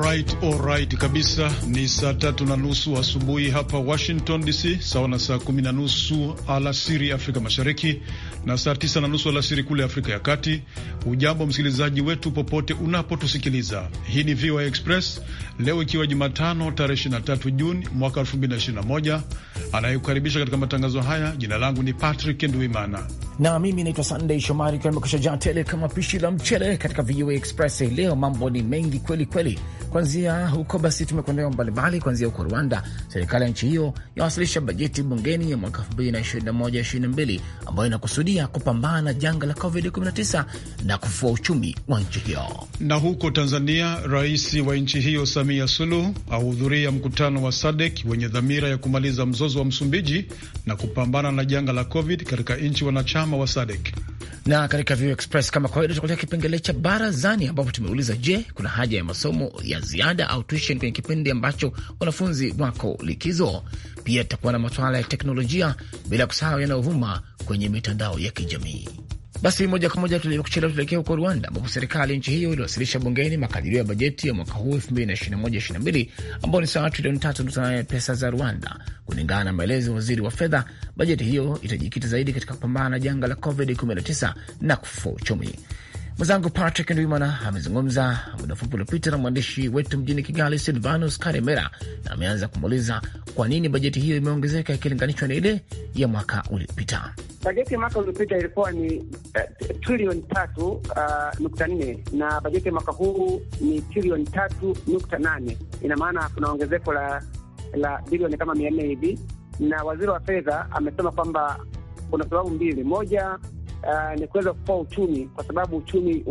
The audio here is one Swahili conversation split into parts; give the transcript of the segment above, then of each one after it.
Alright, alright kabisa. Ni saa tatu na nusu asubuhi hapa Washington DC, sawa na saa kumi na nusu alasiri Afrika Mashariki na saa tisa na nusu alasiri kule Afrika ya Kati. Ujambo msikilizaji wetu popote unapotusikiliza, hii ni VOA Express leo ikiwa Jumatano tarehe 23 Juni mwaka 2021. Anayekukaribisha katika matangazo haya, jina langu ni Patrick nduimana na mimi naitwa Sunday Shomari, kiwa nimekusha jaa tele kama pishi la mchele katika VOA Express. Leo mambo ni mengi kweli kweli Kuanzia huko basi, tumekuandaa mbalimbali, kuanzia huko Rwanda, serikali ya nchi hiyo yawasilisha bajeti bungeni ya mwaka 2021/2022 ambayo inakusudia kupambana na janga la COVID-19 na kufua uchumi wa nchi hiyo. Na huko Tanzania, rais wa nchi hiyo Samia Suluhu ahudhuria mkutano wa SADC wenye dhamira ya kumaliza mzozo wa Msumbiji na kupambana na janga la COVID katika nchi wanachama wa SADC na katika View Express kama kawaida, tukuletea kipengele cha barazani, ambapo tumeuliza je, kuna haja ya masomo ya ziada au tuition kwenye kipindi ambacho wanafunzi wako likizo? Pia tutakuwa na masuala ya teknolojia, bila kusahau yanayovuma kwenye mitandao ya kijamii. Basi moja kwa moja kuchelewa, tuelekea huko Rwanda ambapo serikali nchi hiyo iliwasilisha bungeni makadirio ya bajeti ya mwaka huu 2021/2022 ambao ni sawa trilioni tatu nukta nane pesa za Rwanda. Kulingana na maelezo ya waziri wa fedha, bajeti hiyo itajikita zaidi katika kupambana na janga la COVID-19 na kufufua uchumi. Mwenzangu Patrick Ndwimana amezungumza muda mfupi uliopita na mwandishi wetu mjini Kigali, Silvanus Karemera, na ameanza kumuuliza kwa nini bajeti hiyo imeongezeka ikilinganishwa na ile ya mwaka uliopita. Bajeti ya mwaka uliopita ilikuwa ni uh, trilioni tatu uh, nukta nne na bajeti ya mwaka huu ni trilioni tatu nukta nane Ina maana kuna ongezeko la la bilioni kama mia nne hivi, na waziri wa fedha amesema kwamba kuna sababu mbili. Moja, Ah, ni kuweza kufua uchumi, kwa sababu uchumi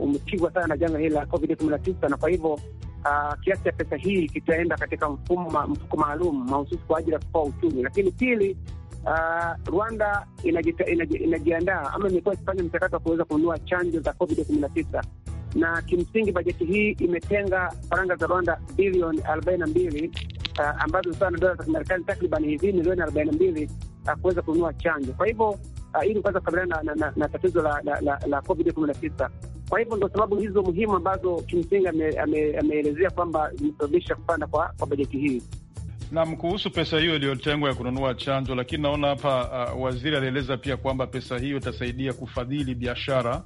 umepigwa um, sana na janga hili la Covid kumi na tisa, na kwa hivyo uh, kiasi cha pesa hii kitaenda katika mfuko maalum mahususi kwa ajili ya kufua uchumi. Lakini pili, uh, Rwanda inajiandaa ama imekuwa ikifanya mchakato wa kuweza kununua chanjo za Covid 19 na kimsingi bajeti hii imetenga faranga za Rwanda bilioni arobaini na mbili uh, ambazo sawa na dola za Kimarekani takriban hivi milioni arobaini na mbili uh, kuweza kununua chanjo. Kwa hivyo uh, ili kuweza kukabiliana na, na, na, tatizo la, la, la, la COVID kumi na tisa. Kwa hivyo ndo sababu hizo muhimu ambazo kimsingi ameelezea kwamba zimesababisha kupanda kwa, kwa bajeti hii nam kuhusu pesa hiyo iliyotengwa ya kununua chanjo. Lakini naona hapa uh, waziri alieleza pia kwamba pesa hiyo itasaidia kufadhili biashara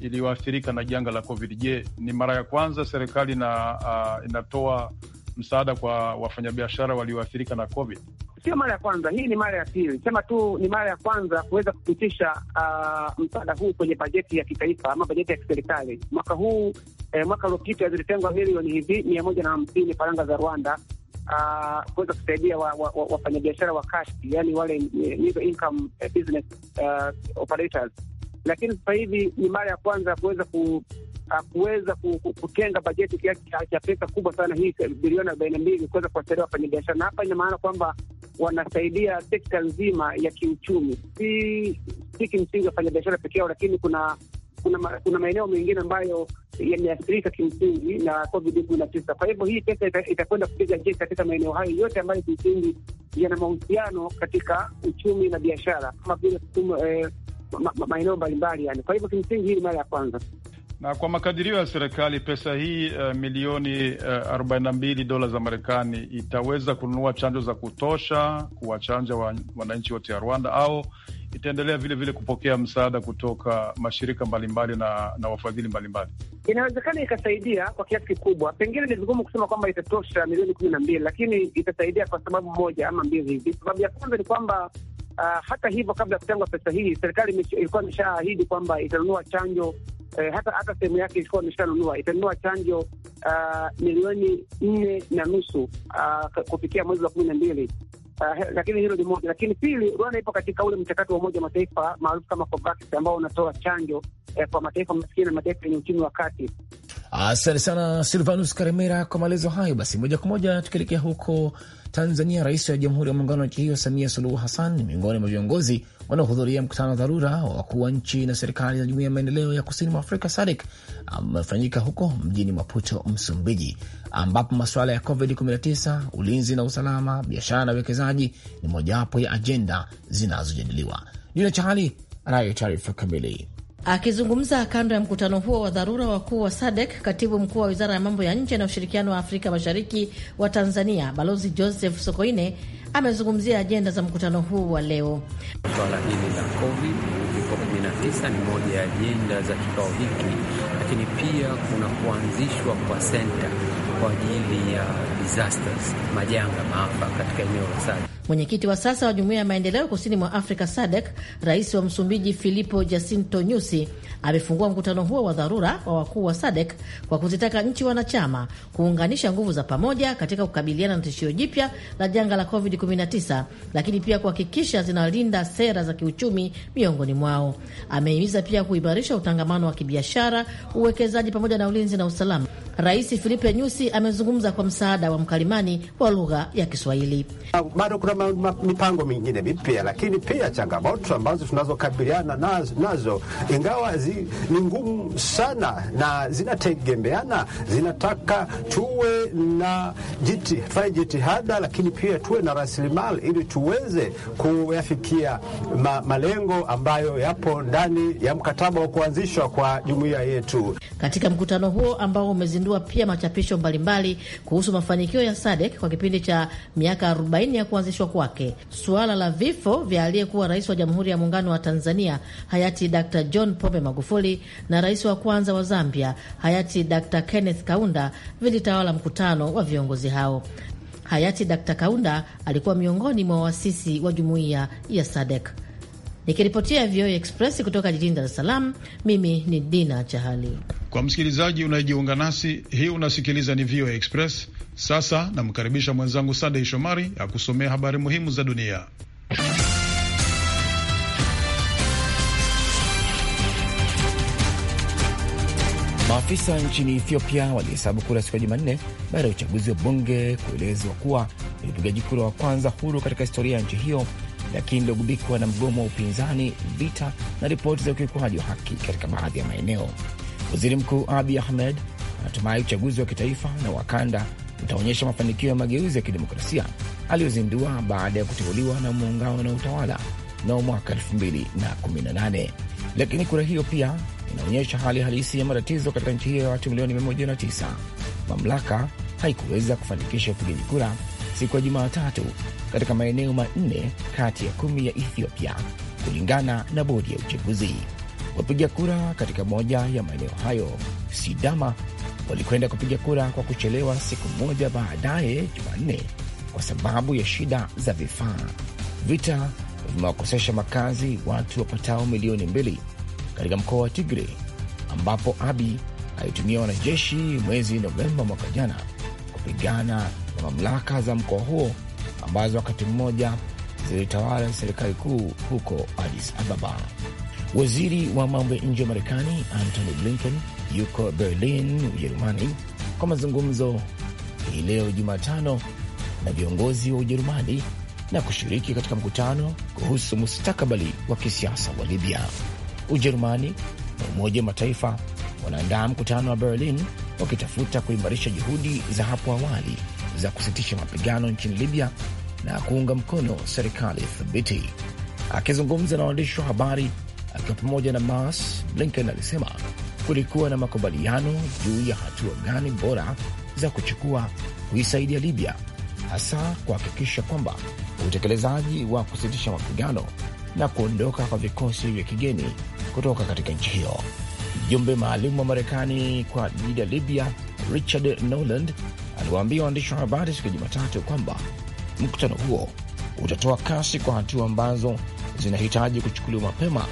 iliyoathirika na janga la COVID. Je, ni mara ya kwanza serikali na, uh, inatoa msaada kwa wafanyabiashara walioathirika na COVID? sio mara ya kwanza, hii ni mara ya pili, sema tu ni mara ya kwanza kuweza kupitisha uh, msaada huu kwenye bajeti ya kitaifa ama bajeti ya kiserikali mwaka huu. Eh, mwaka uliopita zilitengwa milioni hivi mia moja na hamsini faranga za Rwanda uh, kuweza kusaidia wafanyabiashara wa, wa, wa, wa kati, yani wale hizo eh, income eh, business uh, operators, lakini sasa hivi ni mara ya kwanza kuweza ku uh, kuweza kutenga bajeti kiasi cha pesa kubwa sana hii bilioni arobaini na mbili kuweza kuwasaidia wafanyabiashara, na hapa ina maana kwamba wanasaidia sekta nzima ya kiuchumi, si si kimsingi biashara peke yao, lakini kuna kuna, ma, kuna maeneo mengine ambayo yameathirika kimsingi na COVID 19. Kwa hivyo hii pesa itakwenda kupiga jeki katika maeneo hayo yote ambayo kimsingi yana mahusiano katika uchumi na biashara kama vile eh, maeneo mbalimbali yani. Kwa hivyo kimsingi hii ni mara ya kwanza na kwa makadirio ya serikali pesa hii uh, milioni uh, eh, 42 dola za Marekani itaweza kununua chanjo za kutosha kuwachanja wananchi wote ya Rwanda, au itaendelea vilevile vile kupokea msaada kutoka mashirika mbalimbali na, na wafadhili mbalimbali. Inawezekana ikasaidia kwa kiasi kikubwa, pengine ni vigumu kusema kwamba itatosha milioni kumi na mbili, lakini itasaidia kwa sababu moja ama mbili hivi. Sababu ya kwanza ni kwamba Uh, hata hivyo kabla ya kutengwa pesa hii, serikali ilikuwa imeshaahidi kwamba itanunua chanjo eh, hata hata sehemu yake ilikuwa imeshanunua itanunua chanjo uh, milioni nne na nusu uh, ah, kufikia mwezi wa kumi na mbili. Uh, lakini hilo ni moja, lakini pili, Rwanda ipo katika ule mchakato wa Umoja wa Mataifa maarufu kama COVAX ambao unatoa chanjo eh, kwa mataifa maskini na mataifa yenye uchumi wa kati. Asante sana Silvanus Karemera kwa maelezo hayo. Basi moja kwa moja tukielekea huko Tanzania, rais wa Jamhuri ya Muungano wa nchi hiyo Samia Suluhu Hassan ni miongoni mwa viongozi wanaohudhuria mkutano wa dharura wa wakuu wa nchi na serikali za Jumuiya ya Maendeleo ya Kusini mwa Afrika SADC amefanyika huko mjini Maputo, Msumbiji, ambapo masuala ya COVID-19, ulinzi na usalama, biashara na uwekezaji ni mojawapo ya ajenda zinazojadiliwa. Dina Chahali anayo taarifa kamili. Akizungumza kando ya mkutano huo wa dharura wakuu wa SADEK, katibu mkuu wa wizara ya mambo ya nje na ushirikiano wa Afrika Mashariki wa Tanzania, Balozi Joseph Sokoine amezungumzia ajenda za mkutano huu wa leo. Swala hili la COVID-19 ni moja ya ajenda za kikao hiki, lakini pia kuna kuanzishwa kwa senta kwa ajili ya disasters, majanga, maafa katika eneo la SADEK. Mwenyekiti wa sasa wa Jumuiya ya Maendeleo Kusini mwa Afrika SADC, Rais wa Msumbiji Filipo Jacinto Nyusi amefungua mkutano huo wa dharura wa wakuu wa SADC kwa kuzitaka nchi wanachama kuunganisha nguvu za pamoja katika kukabiliana na tishio jipya la janga la COVID-19, lakini pia kuhakikisha zinalinda sera za kiuchumi miongoni mwao. Amehimiza pia kuimarisha utangamano wa kibiashara, uwekezaji pamoja na ulinzi na usalama. Rais Filipe Nyusi amezungumza kwa msaada wa mkalimani wa lugha ya Kiswahili. Bado kuna mipango mingine mipya, lakini pia changamoto ambazo tunazokabiliana nazo, nazo ingawa zi, ni ngumu sana na zinategemeana, zinataka tuwe na jiti, jitihada, lakini pia tuwe na rasilimali ili tuweze kuyafikia ma, malengo ambayo yapo ndani ya mkataba wa kuanzishwa kwa jumuiya yetu. Katika mkutano huo ambao umezindua pia machapisho mbalimbali kuhusu mafanikio ya SADC kwa kipindi cha miaka 40 ya kuanzishwa kuapishwa kwake. Suala la vifo vya aliyekuwa rais wa Jamhuri ya Muungano wa Tanzania hayati Dr John Pombe Magufuli na rais wa kwanza wa Zambia hayati Dr Kenneth Kaunda vilitawala mkutano wa viongozi hao. Hayati Dr Kaunda alikuwa miongoni mwa waasisi wa jumuiya ya sadek Nikiripotia VOA e Express kutoka jijini Dar es Salaam, mimi ni Dina Chahali. Kwa msikilizaji unayejiunga nasi, hii unasikiliza ni VOA e Express sasa namkaribisha mwenzangu sandey Shomari akusomea habari muhimu za dunia. Maafisa nchini Ethiopia walihesabu kura siku ya Jumanne baada ya uchaguzi wa bunge kuelezwa kuwa ni upigaji kura wa kwanza huru katika historia ya nchi hiyo, lakini iliogubikwa na mgomo wa upinzani, vita na ripoti za ukiukwaji wa haki katika baadhi ya maeneo. Waziri Mkuu Abi Ahmed anatumai uchaguzi wa kitaifa na wakanda utaonyesha mafanikio ya mageuzi ya kidemokrasia aliyozindua baada ya kuteuliwa na muungano na utawala nao mwaka 2018 lakini kura hiyo pia inaonyesha hali halisi ya matatizo katika nchi hiyo ya watu milioni 109. Mamlaka haikuweza kufanikisha upigaji kura siku ya Jumatatu katika maeneo manne kati ya kumi ya Ethiopia, kulingana na bodi ya uchaguzi. Wapiga kura katika moja ya maeneo hayo Sidama walikwenda kupiga kura kwa kuchelewa siku moja baadaye Jumanne kwa sababu ya shida za vifaa. Vita vimewakosesha makazi watu wapatao milioni mbili katika mkoa wa Tigre ambapo Abi alitumia wanajeshi mwezi Novemba mwaka jana kupigana na mamlaka za mkoa huo ambazo wakati mmoja zilitawala serikali kuu huko Addis Ababa. Waziri wa mambo ya nje wa Marekani Antony Blinken yuko Berlin, Ujerumani, kwa mazungumzo hii leo Jumatano na viongozi wa Ujerumani na kushiriki katika mkutano kuhusu mustakabali wa kisiasa wa Libya. Ujerumani na Umoja wa Mataifa wanaandaa mkutano wa Berlin wakitafuta kuimarisha juhudi za hapo awali za kusitisha mapigano nchini Libya na kuunga mkono serikali thabiti. Akizungumza na waandishi wa habari akiwa pamoja na Mas, Blinken alisema kulikuwa na makubaliano juu ya hatua gani bora za kuchukua kuisaidia Libya, hasa kuhakikisha kwamba utekelezaji wa kusitisha mapigano na kuondoka kwa vikosi vya kigeni kutoka katika nchi hiyo. Mjumbe maalum wa Marekani kwa ajili ya Libya Richard Noland aliwaambia waandishi wa habari siku ya Jumatatu kwamba mkutano huo utatoa kasi kwa hatua ambazo zinahitaji kuchukuliwa mapema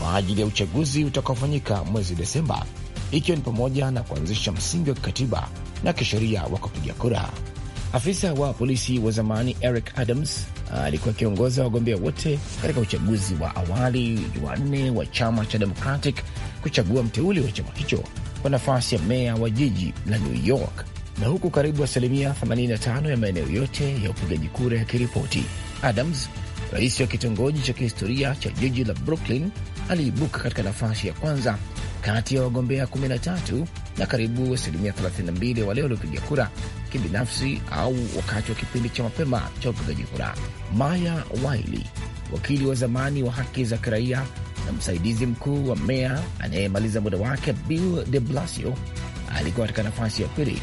kwa ajili ya uchaguzi utakaofanyika mwezi Desemba, ikiwa ni pamoja na kuanzisha msingi wa kikatiba na kisheria wa kupiga kura. Afisa wa polisi wa zamani Eric Adams ah, alikuwa akiongoza wagombea wote katika uchaguzi wa awali Jumanne wa chama cha Democratic kuchagua mteuli wa chama hicho kwa nafasi ya meya wa jiji la New York, na huku karibu asilimia 85 ya maeneo yote ya upigaji kura yakiripoti, Adams, rais wa kitongoji cha kihistoria cha jiji la Brooklyn, aliibuka katika nafasi ya kwanza kati ya wagombea 13 na karibu asilimia 32 ya wale waliopiga kura kibinafsi au wakati wa kipindi cha mapema cha upigaji kura. Maya Waili, wakili wa zamani wa haki za kiraia na msaidizi mkuu wa meya anayemaliza muda wake Bill de Blasio, alikuwa katika nafasi ya pili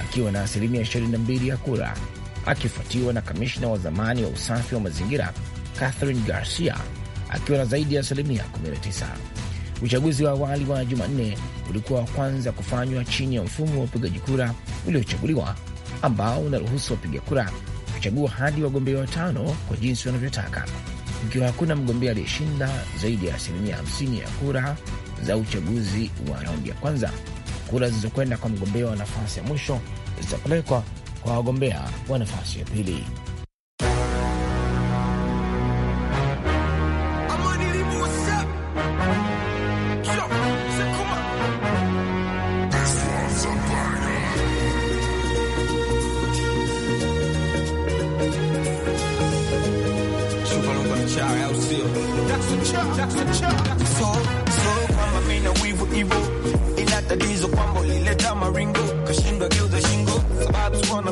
akiwa na asilimia 22 ya kura, akifuatiwa na kamishna wa zamani wa usafi wa mazingira Catherine Garcia akiwa na zaidi ya asilimia 19. Uchaguzi wa awali wa Jumanne ulikuwa wa kwanza kufanywa chini ya mfumo wa upigaji kura uliochaguliwa ambao unaruhusu wapiga kura kuchagua hadi wagombea watano kwa jinsi wanavyotaka, ikiwa hakuna mgombea aliyeshinda zaidi ya asilimia 50 ya kura za uchaguzi wa raundi ya kwanza. Kura zilizokwenda kwa mgombea wa nafasi ya mwisho zitapelekwa kwa wagombea wa nafasi ya pili.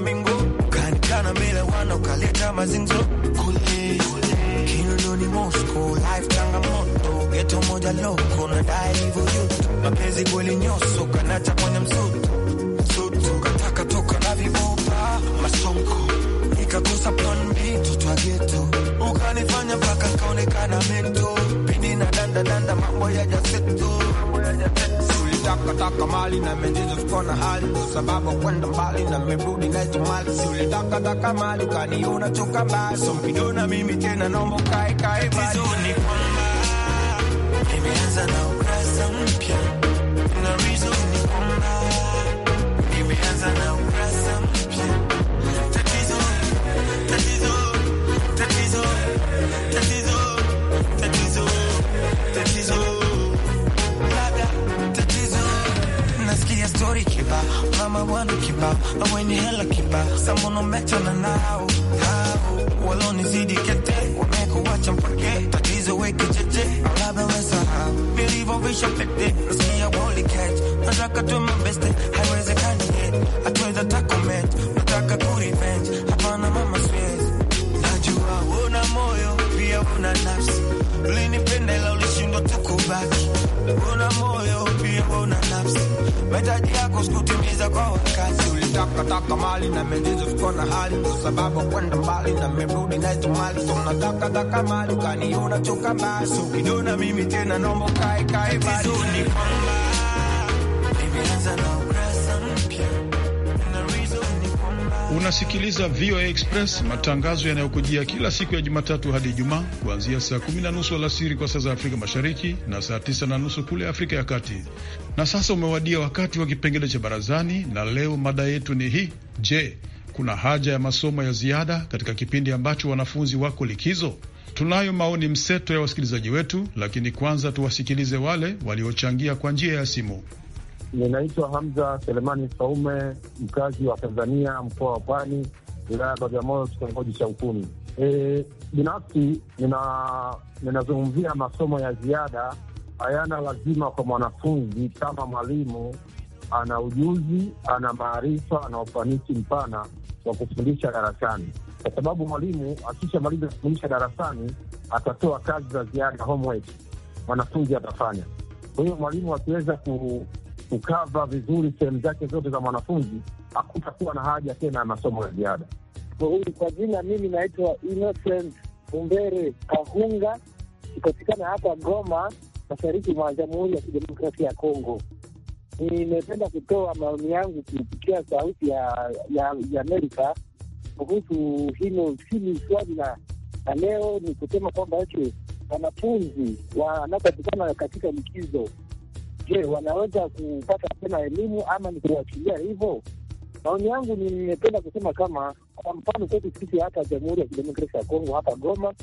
mingo kankana mele wana ukaleta mazingo kule Kinondoni mosko life moto geto moja loko na dai hivyo yote mapenzi kweli nyoso kanacha kwenye msutu msutu kataka toka na vibopa masonko nikakosa plan B toto geto ukanifanya mpaka kaonekana mento pini na danda danda mambo ya jasetu mambo ya jasetu taka mali na menjizo siko na hali ndo sababu kwenda mbali na mmerudi na tumali siuli taka taka mali kaniona choka mbali so na mimi tena naomba kai kae bali ni kwamba imeanza na ukrasa mpya na reason ni kwamba imeanza na ukrasa mpya tatizo tatizo tatizo tatizo kibao, mama bwana kibao, aweni hela kibao, sambono mechana nao hao walonizidi kete, wamekuwacha mpake tatizo weke cheche, alabeweza hao nilivyovisha pete, nasikia woli catch, nataka tu mabeste, haiwezekani yet, atweza takomet, nataka kurevenge, hapana mama siwezi, najua una moyo pia una nafsi, ulinipenda ila ulishindwa tukubaki, una moyo pia una nafsi mahitaji yako sikutimiza kwa wakati. Ulitaka taka mali na mejizo siko na hali, kwa sababu kwenda mbali na merudi na hizo mali. So unataka taka mali ukaniona choka mbali, so ukiniona mimi tena nombo kae kae mbali, ni kwamba nimeanza na Unasikiliza VOA Express, matangazo yanayokujia kila siku ya Jumatatu hadi Ijumaa, kuanzia saa kumi na nusu alasiri kwa saa za Afrika Mashariki na saa tisa na nusu kule Afrika ya Kati. Na sasa umewadia wakati wa kipengele cha Barazani, na leo mada yetu ni hii: Je, kuna haja ya masomo ya ziada katika kipindi ambacho wanafunzi wako likizo? Tunayo maoni mseto ya wasikilizaji wetu, lakini kwanza tuwasikilize wale waliochangia kwa njia ya simu. Ninaitwa Hamza Selemani Saume, mkazi wa Tanzania, mkoa wa Pwani, wilaya ya Bagamoyo, kitongoji cha ukumi E, binafsi ninazungumzia masomo ya ziada hayana lazima kwa mwanafunzi kama mwalimu ana ujuzi, ana maarifa, ana ufanisi mpana wa kufundisha darasani, kwa sababu mwalimu akishamaliza kufundisha darasani atatoa kazi za ziada, homework mwanafunzi atafanya. Kwa hiyo mwalimu akiweza ku, kukava vizuri sehemu zake zote za mwanafunzi, hakutakuwa na haja tena ya masomo ya ziada. Kwa jina mimi naitwa Innocent Umbere Kahunga, kipatikana hapa Goma, mashariki mwa Jamhuri ya Kidemokrasia ya Kongo. Nimependa kutoa maoni yangu kupitia Sauti ya, ya, ya Amerika kuhusu hilo hili swali la leo. Ni kusema kwamba ete wanafunzi wanapatikana katika likizo Je, wanaweza kupata tena elimu ama ni kuachilia hivyo? Maoni yangu nimependa kusema kama kwa mfano kwetu sisi hata Jamhuri ya Kidemokrasia ya Kongo hapa Goma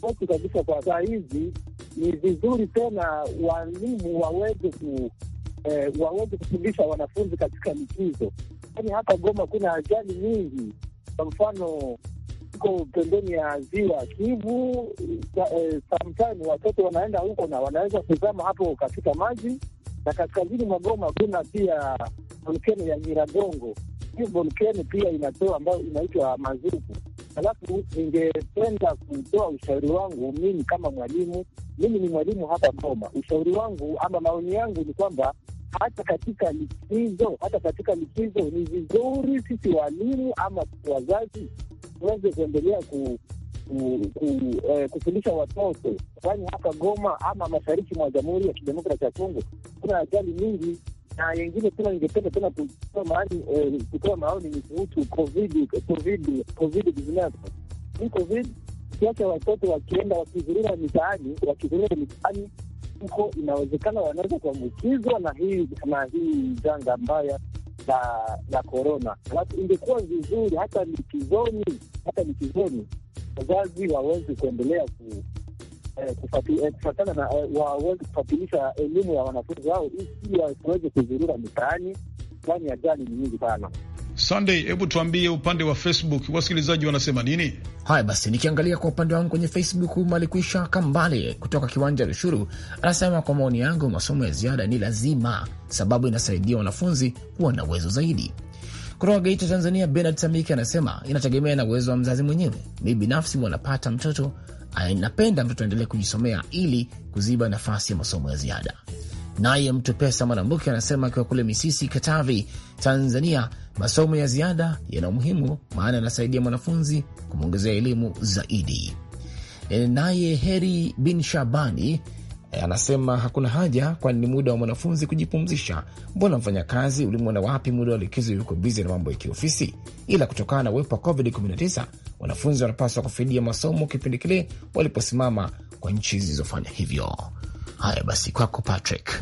kwetu kabisa, kwa saa hizi ni vizuri tena walimu waweze ku eh, waweze kufundisha wanafunzi katika likizo, yaani hapa Goma kuna ajali nyingi, kwa mfano tuko pembeni ya ziwa Kivu. Samtani e, watoto wanaenda huko na wanaweza kuzama hapo katika maji, na kaskazini mwa Goma kuna pia volkeno ya Nyiragongo. Hiyo volkeno pia inatoa ambayo inaitwa mazuku. Alafu ningependa kutoa ushauri wangu mimi kama mwalimu, mimi ni mwalimu hapa Goma. Ushauri wangu ama maoni yangu ni kwamba hata katika likizo, hata katika likizo ni vizuri sisi walimu ama wazazi tuweze kuendelea ku, ku, ku, eh, kufundisha watoto, kwani hapa Goma ama mashariki mwa Jamhuri ya Kidemokrasia ya Kongo kuna ajali nyingi na yengine tena ningependa tena kutoa maoni eh, ni kuhusu covid covid covid covid kiacha watoto wakienda wakizurura mitaani wakizurura mitaani huko, inawezekana wanaweza kuambukizwa na hii na hii janga mbaya za korona. Alafu ingekuwa vizuri hata likizoni, hata likizoni wazazi waweze kuendelea ku eh, eh, kufatana na eh, waweze kufatilisha elimu ya wanafunzi wao ili wasiweze kuzurura mitaani, kwani ajali ni nyingi sana. Sunday, hebu tuambie upande wa Facebook wasikilizaji wanasema nini? Haya basi, nikiangalia kwa upande wangu kwenye Facebook, Malikwisha Kambale kutoka Kiwanja Rushuru anasema kwa maoni yangu, masomo ya ziada ni lazima, sababu inasaidia wanafunzi kuwa na uwezo zaidi. Kutoka Geita, Tanzania, Benard Samiki anasema inategemea na uwezo wa mzazi mwenyewe. Mi binafsi wanapata mtoto, anapenda eh, mtoto aendelee kujisomea ili kuziba nafasi ya masomo ya ziada. Naye mtu pesa Mwanambuke anasema akiwa kule Misisi, Katavi, Tanzania, Masomo ya ziada yana umuhimu, maana yanasaidia mwanafunzi kumwongezea elimu zaidi. E, naye Heri bin Shabani e, anasema hakuna haja, kwani ni muda wa mwanafunzi kujipumzisha. Mbona mfanyakazi ulimwona wapi muda wa likizo yuko bizi na mambo ya kiofisi? Ila kutokana na uwepo wa COVID-19 wanafunzi wanapaswa kufidia masomo kipindi kile waliposimama kwa nchi zilizofanya hivyo. Haya basi, kwako Patrick.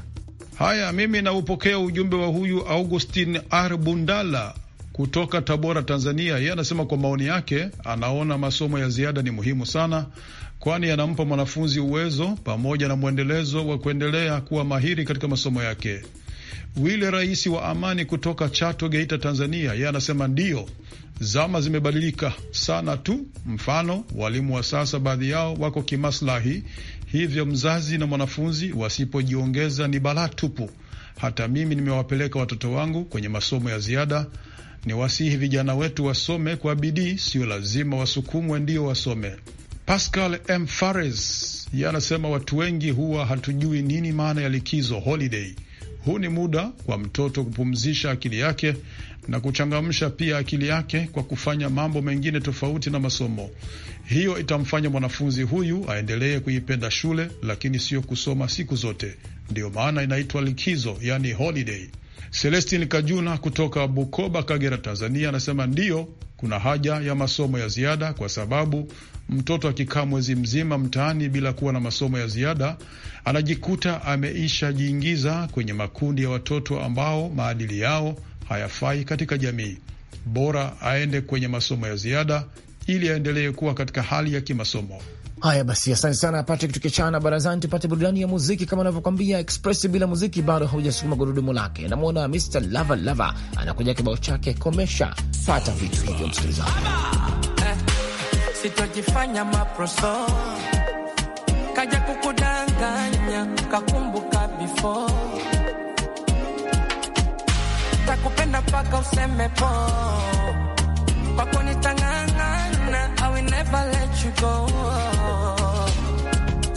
Haya, mimi naupokea ujumbe wa huyu Augustin Arbundala kutoka Tabora, Tanzania. Yeye anasema kwa maoni yake, anaona masomo ya ziada ni muhimu sana, kwani yanampa mwanafunzi uwezo pamoja na mwendelezo wa kuendelea kuwa mahiri katika masomo yake. Wile Rais wa Amani kutoka Chato, Geita, Tanzania, yeye anasema ndiyo, zama zimebadilika sana tu. Mfano, walimu wa sasa baadhi yao wako kimaslahi, Hivyo mzazi na mwanafunzi wasipojiongeza ni balaa tupu. Hata mimi nimewapeleka watoto wangu kwenye masomo ya ziada. Ni wasihi vijana wetu wasome kwa bidii, sio lazima wasukumwe ndio wasome. Pascal M Fares ye anasema watu wengi huwa hatujui nini maana ya likizo holiday. Huu ni muda kwa mtoto kupumzisha akili yake na kuchangamsha pia akili yake kwa kufanya mambo mengine tofauti na masomo. Hiyo itamfanya mwanafunzi huyu aendelee kuipenda shule, lakini sio kusoma siku zote. Ndiyo maana inaitwa likizo, yani holiday. Celestin Kajuna kutoka Bukoba, Kagera, Tanzania anasema ndiyo, kuna haja ya masomo ya ziada kwa sababu mtoto akikaa mwezi mzima mtaani bila kuwa na masomo ya ziada anajikuta ameishajiingiza kwenye makundi ya watoto ambao maadili yao hayafai katika jamii. Bora aende kwenye masomo ya ziada ili aendelee kuwa katika hali ya kimasomo. Haya basi, asante sana Patrick. Tukichana barazani, tupate burudani ya muziki. Kama anavyokwambia Express, bila muziki bado haujasukuma gurudumu lake. Namwona Mr Lava Lava anakuja kibao chake komesha. Pata vitu hivyo, msikilizaji, sitojifanya maproso kaja kukudanganya kakumbuka before mpaka useme po kwa kunitang'ang'ana, I will never let you go.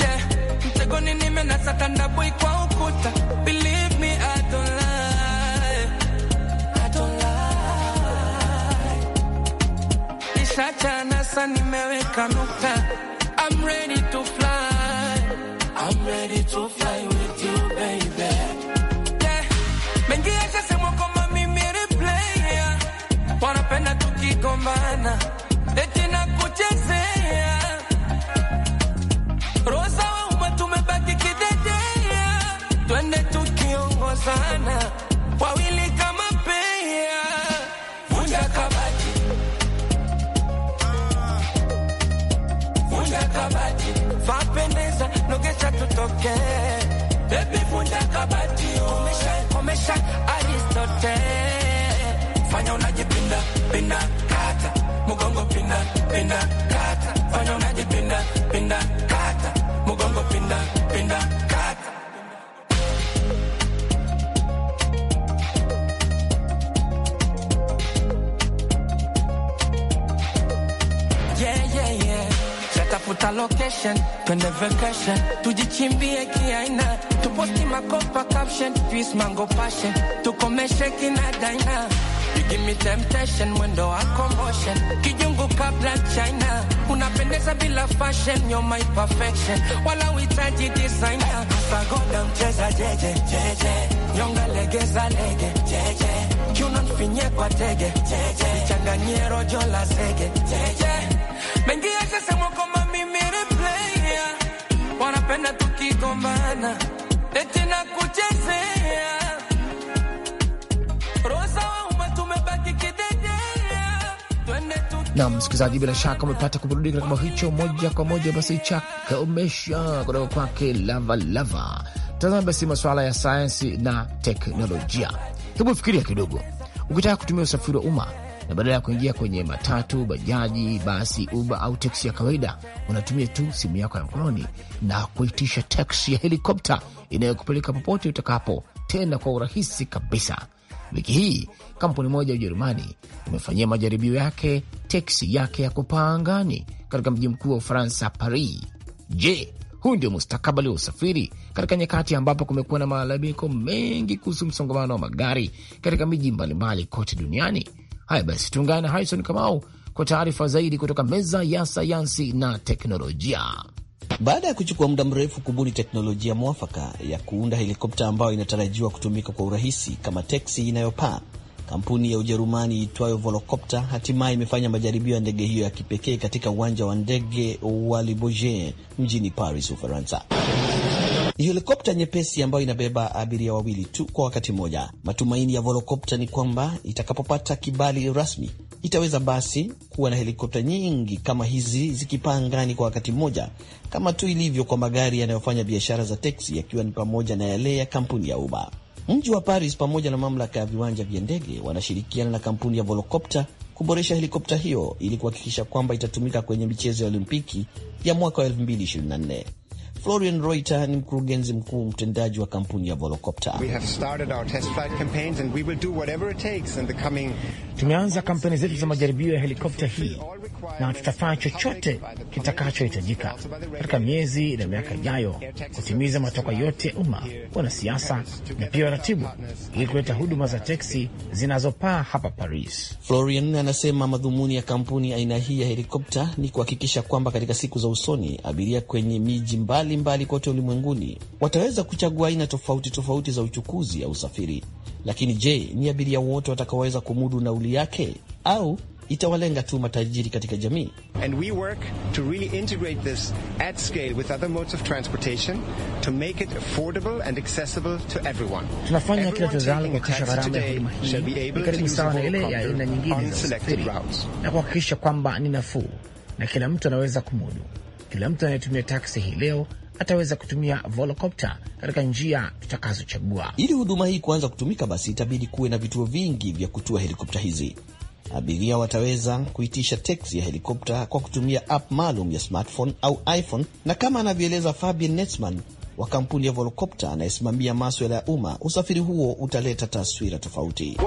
Yeah, mtegoni nimenasa kandabwi kwa ukuta, believe me I don't lie, I sa nimeweka nukta wanapenda tukikombana, eti na kuchezea rosa wauma, tumebaki kidedea, twende tukiongozana wawili kama pea, vunja kabati, vunja kabati, vapendeza nogesha, tutokee bebi, vunja kabati, omesha omesha Aristote fanya unajipinda pinda kata mgongo pinda pinda kata fanya unajipinda pinda kata mgongo pinda pinda Tafuta location twende vacation tujichimbie kiaina tuposti makopa caption peace mango passion tukomeshe kina daina You give me temptation, mwendo wako motion. Kijungu kabla China, unapendeza bila fashion, you're my perfection. Wala uhitaji designer. Pagoda mcheza jeje, jeje. Nyonga legeza lege, jeje. Kiuno mfinye kwa tege, jeje. Nichanganyie rojo la zege, jeje. Mengi ya sasa mwako mami mire player. Wanapenda tukigombana. Eti na kuchezea. na msikilizaji, bila shaka umepata kuburudika na kibao hicho moja kwa moja, basi chaka umesha kutoka kwake Lavalava. Tazama basi masuala ya sayansi na teknolojia. Hebu fikiria kidogo, ukitaka kutumia usafiri wa umma na badala ya kuingia kwenye matatu, bajaji, basi, uba au teksi ya kawaida, unatumia tu simu yako ya mkononi na kuitisha teksi ya helikopta inayokupeleka popote utakapo, tena kwa urahisi kabisa. Wiki hii kampuni moja ya Ujerumani imefanyia majaribio yake teksi yake ya kupaa angani katika mji mkuu wa Ufaransa, Paris. Je, huu ndio mustakabali wa usafiri katika nyakati ambapo kumekuwa na malalamiko mengi kuhusu msongamano wa magari katika miji mbalimbali kote duniani? Haya basi, tuungane na Harison Kamau kwa taarifa zaidi kutoka meza ya sayansi na teknolojia. Baada ya kuchukua muda mrefu kubuni teknolojia mwafaka ya kuunda helikopta ambayo inatarajiwa kutumika kwa urahisi kama teksi inayopaa, kampuni ya Ujerumani itwayo Volocopter hatimaye imefanya majaribio ya ndege hiyo ya kipekee katika uwanja wa ndege wa Le Bourget mjini Paris, Ufaransa ni helikopta nyepesi ambayo inabeba abiria wawili tu kwa wakati mmoja. Matumaini ya volokopta ni kwamba itakapopata kibali rasmi itaweza basi kuwa na helikopta nyingi kama hizi zikipaa angani kwa wakati mmoja, kama tu ilivyo kwa magari yanayofanya biashara za teksi, yakiwa ni pamoja na yale ya kampuni ya Uber. Mji wa Paris pamoja na mamlaka ya viwanja vya ndege wanashirikiana na kampuni ya volokopta kuboresha helikopta hiyo ili kuhakikisha kwamba itatumika kwenye michezo ya Olimpiki ya mwaka wa 2024. Florian Reuter ni mkurugenzi mkuu mtendaji wa kampuni ya Volocopter. Tumeanza kampeni zetu za majaribio ya helikopta hii na tutafanya chochote kitakachohitajika katika miezi na miaka ijayo kutimiza matakwa yote ya umma, wanasiasa na pia waratibu, ili kuleta huduma za teksi zinazopaa hapa Paris. Florian anasema madhumuni ya kampuni aina hii ya helikopta ni kuhakikisha kwamba katika siku za usoni abiria kwenye miji mbali mbalimbali kote ulimwenguni wataweza kuchagua aina tofauti tofauti za uchukuzi au usafiri. Lakini je, ni abiria wote watakaoweza kumudu nauli yake au itawalenga tu matajiri katika jamii. Tunafanya kila tuwezalo kuhakikisha gharama ya huduma hii ni karibu sawa na ile ya aina nyingine za usafiri na kuhakikisha kwamba ni nafuu na kila mtu anaweza kumudu. Kila mtu anayetumia taksi hii leo ataweza kutumia volocopter katika njia tutakazochagua. Ili huduma hii kuanza kutumika, basi itabidi kuwe na vituo vingi vya kutua helikopta hizi. Abiria wataweza kuitisha teksi ya helikopta kwa kutumia app maalum ya smartphone au iPhone, na kama anavyoeleza Fabian Netsman wa kampuni ya volocopta anayesimamia maswala ya umma, usafiri huo utaleta taswira tofauti.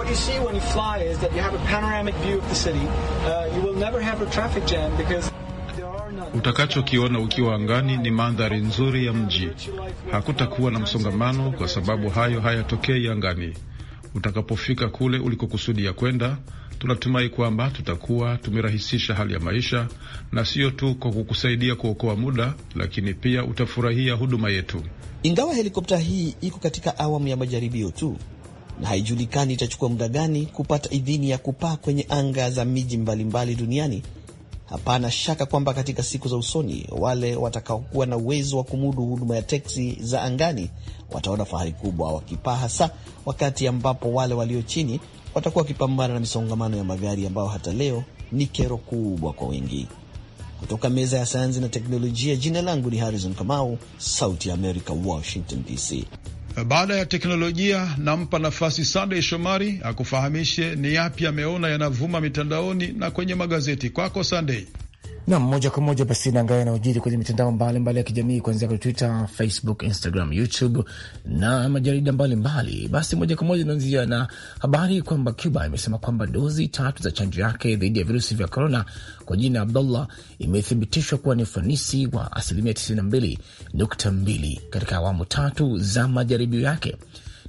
Utakachokiona ukiwa angani ni mandhari nzuri ya mji. Hakutakuwa na msongamano kwa sababu hayo hayatokei angani. Utakapofika kule ulikokusudia kwenda, tunatumai kwamba tutakuwa tumerahisisha hali ya maisha, na sio tu kwa kukusaidia kuokoa muda, lakini pia utafurahia huduma yetu. Ingawa helikopta hii iko katika awamu ya majaribio tu na haijulikani itachukua muda gani kupata idhini ya kupaa kwenye anga za miji mbalimbali duniani Hapana shaka kwamba katika siku za usoni wale watakaokuwa na uwezo wa kumudu huduma ya teksi za angani wataona fahari kubwa wakipaa, hasa wakati ambapo wale walio chini watakuwa wakipambana na misongamano ya magari ambayo hata leo ni kero kubwa kwa wengi. Kutoka meza ya sayansi na teknolojia, jina langu ni Harrison Kamau, Sauti ya America, Washington DC. Eh, baada ya teknolojia, nampa nafasi Sandey Shomari akufahamishe ni yapi ameona yanavuma mitandaoni na kwenye magazeti. Kwako Sandey. Nam moja kwa moja basi naangalia naojiri kwenye mitandao mbalimbali ya kijamii kuanzia kwenye Twitter, Facebook, Instagram, YouTube na majarida mbalimbali. Basi moja kwa moja inaanzia na habari kwamba Cuba imesema kwamba dozi tatu za chanjo yake dhidi ya virusi vya korona kwa jina ya Abdullah imethibitishwa kuwa ni ufanisi wa asilimia 92.2 katika awamu tatu za majaribio yake,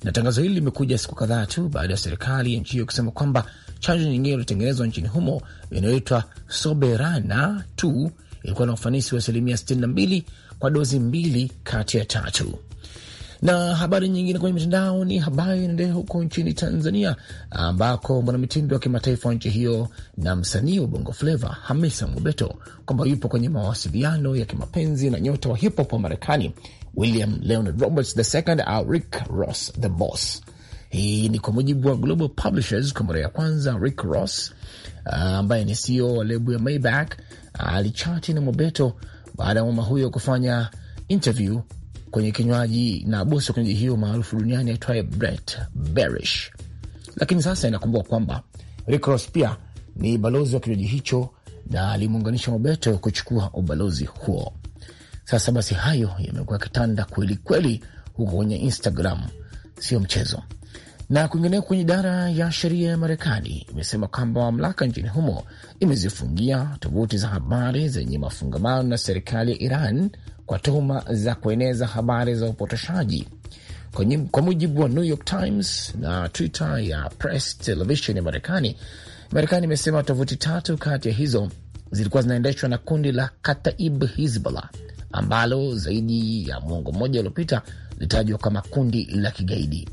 na tangazo hili limekuja siku kadhaa tu baada ya serikali ya nchi hiyo kusema kwamba Chanjo nyingine iliyotengenezwa nchini humo inayoitwa Soberana t ilikuwa na ufanisi wa asilimia 62 kwa dozi mbili kati ya tatu. Na habari nyingine kwenye mitandao ni habari inaendelea huko nchini Tanzania, ambako mwanamitindo wa kimataifa wa nchi hiyo na msanii wa bongo fleva Hamisa Mobeto kwamba yupo kwenye mawasiliano ya kimapenzi na nyota wa hip hop wa Marekani William Leonard Roberts the second au Rick Ross the Boss. Hii ni kwa mujibu wa Global Publishers. Kwa mara ya kwanza Rick Ross uh, ambaye ni CEO wa lebu ya Maybach ah, alichati na Mobeto baada ya mama huyo kufanya interview kwenye kinywaji na bosi wa kinywaji hiyo maarufu duniani aitwaye Brett Berish. Lakini sasa inakumbuka kwamba Rick Ross pia ni balozi wa kinywaji hicho na alimuunganisha Mobeto kuchukua ubalozi huo. Sasa basi, hayo yamekuwa kitanda kweli kweli huko kwenye Instagram, sio mchezo. Na kwingineko kwenye idara ya sheria ya Marekani imesema kwamba mamlaka nchini humo imezifungia tovuti za habari zenye mafungamano na serikali ya Iran kwa tuhuma za kueneza habari za upotoshaji. Kwa mujibu wa New York Times na Twitter ya Press Television ya Marekani, Marekani imesema tovuti tatu kati ya hizo zilikuwa zinaendeshwa na kundi la Kataib Hizbollah ambalo zaidi ya mwongo mmoja uliopita litajwa kama kundi la kigaidi.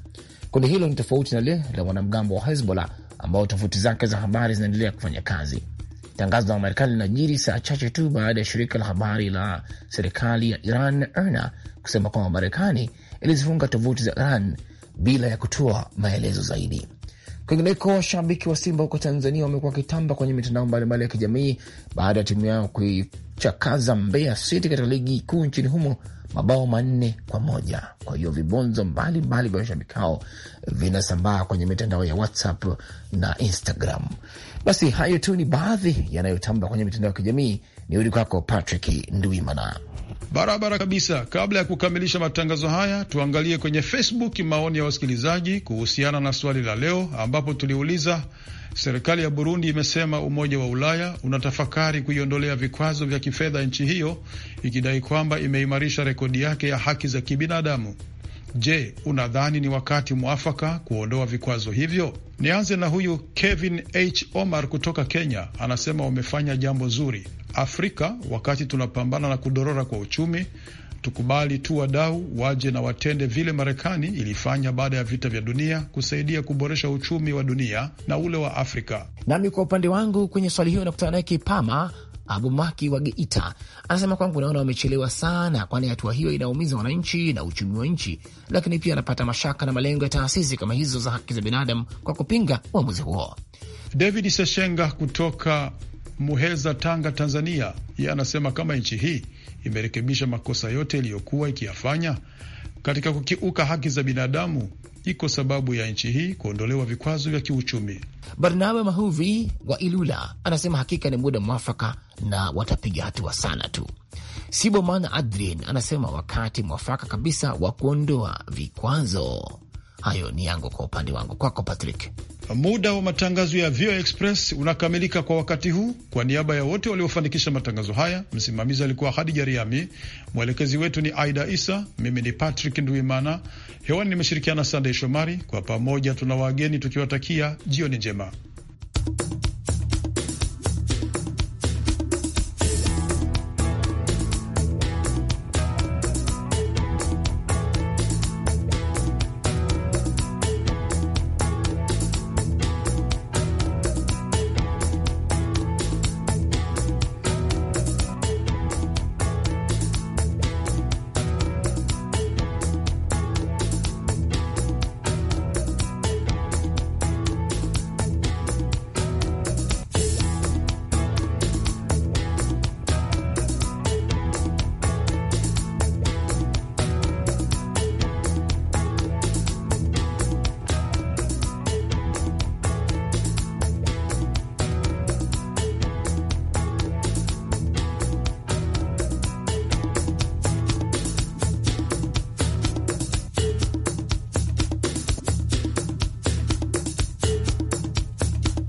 Kundi hilo ni tofauti na lile la wanamgambo wa Hezbollah ambao tofauti zake za habari zinaendelea kufanya kazi. Tangazo la Marekani linajiri saa chache tu baada ya shirika la habari la serikali ya Iran IRNA kusema kwamba Marekani ilizifunga tovuti za Iran bila ya kutoa maelezo zaidi. Kwingineko, washabiki wa Simba huko Tanzania wamekuwa wakitamba kwenye mitandao mbalimbali ya kijamii baada ya timu yao kuichakaza Mbeya City katika ligi kuu nchini humo mabao manne kwa moja. Kwa hiyo vibonzo mbalimbali vyaonyesha vikao vinasambaa kwenye mitandao ya WhatsApp na Instagram. Basi hayo tu ni baadhi yanayotamba kwenye mitandao ya kijamii. Nirudi kwako Patrick Ndwimana. Barabara kabisa. Kabla ya kukamilisha matangazo haya, tuangalie kwenye Facebook maoni ya wasikilizaji kuhusiana na swali la leo, ambapo tuliuliza Serikali ya Burundi imesema Umoja wa Ulaya unatafakari kuiondolea vikwazo vya kifedha nchi hiyo ikidai kwamba imeimarisha rekodi yake ya haki za kibinadamu. Je, unadhani ni wakati mwafaka kuondoa vikwazo hivyo? Nianze na huyu Kevin H Omar kutoka Kenya, anasema wamefanya jambo zuri Afrika wakati tunapambana na kudorora kwa uchumi Tukubali tu wadau waje na watende vile Marekani ilifanya baada ya vita vya dunia kusaidia kuboresha uchumi wa dunia na ule wa Afrika. Nami kwa upande wangu kwenye swali hiyo nakutana naye Kipama Abumaki wa Geita anasema, kwangu naona wamechelewa sana, kwani hatua hiyo inaumiza wananchi na uchumi wa nchi, lakini pia anapata mashaka na malengo ya taasisi kama hizo za haki za binadamu kwa kupinga uamuzi huo. David Seshenga kutoka Muheza, Tanga, Tanzania. Yeye anasema kama nchi hii imerekebisha makosa yote iliyokuwa ikiyafanya katika kukiuka haki za binadamu, iko sababu ya nchi hii kuondolewa vikwazo vya kiuchumi. Barnaba Mahuvi wa Ilula anasema hakika ni muda mwafaka na watapiga hatua sana tu. Siboman Adrien anasema wakati mwafaka kabisa wa kuondoa vikwazo hayo. Ni yangu kwa upande wangu, kwako Patrick. Muda wa matangazo ya VOA Express unakamilika kwa wakati huu. Kwa niaba ya wote waliofanikisha matangazo haya, msimamizi alikuwa Hadija Riami, mwelekezi wetu ni Aida Isa, mimi ni Patrick Nduimana, hewani nimeshirikiana Sandey Shomari. Kwa pamoja tuna wageni tukiwatakia jioni njema.